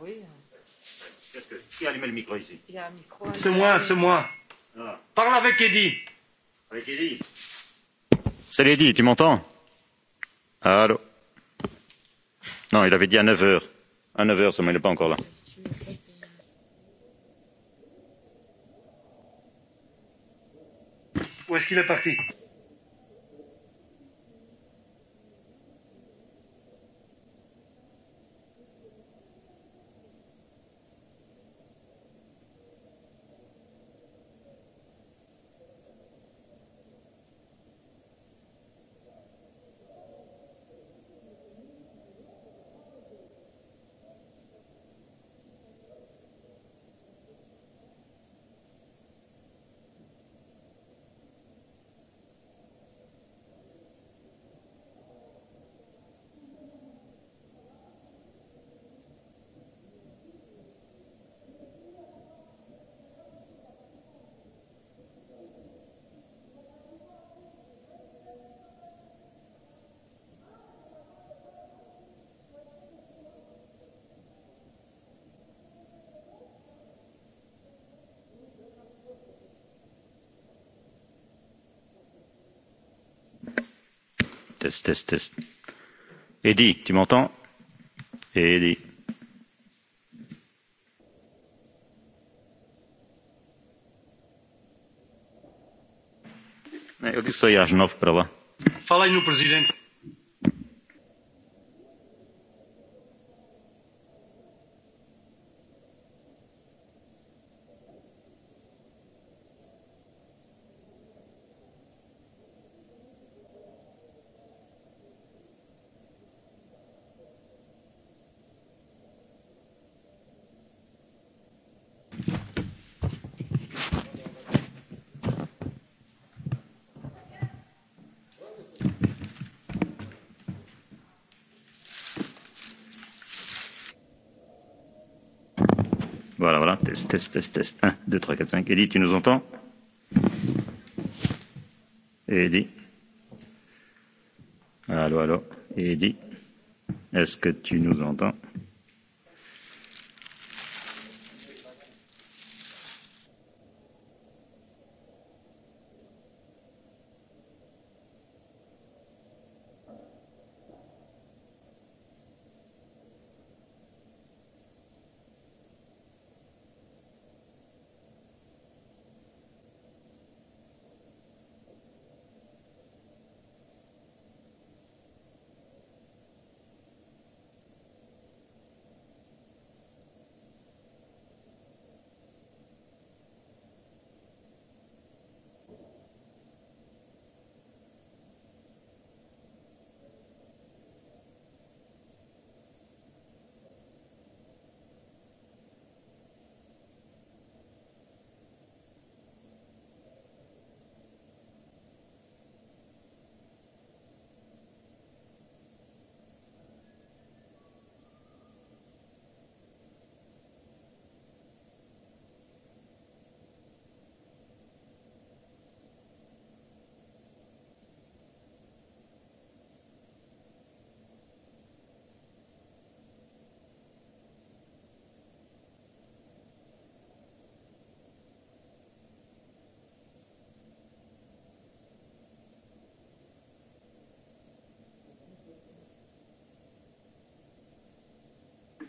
oui. Qu'est-ce que... Qui a allumé le micro ici Il y a un micro. C'est moi, c'est moi. Ah. Parle avec Eddie. Avec Eddie. Salut Eddie, tu m'entends Allô Non, il avait dit à 9h. À 9h, ça, mais il n'est pas encore là. Où est-ce qu'il est parti test test test eddy tu m'entends eddy eu disse aí às nove para lá. Fala aí no presidente. Test, test, test, test. 1, 2, 3, 4, 5. Eddie, tu nous entends Eddie Allô, allô Eddie Est-ce que tu nous entends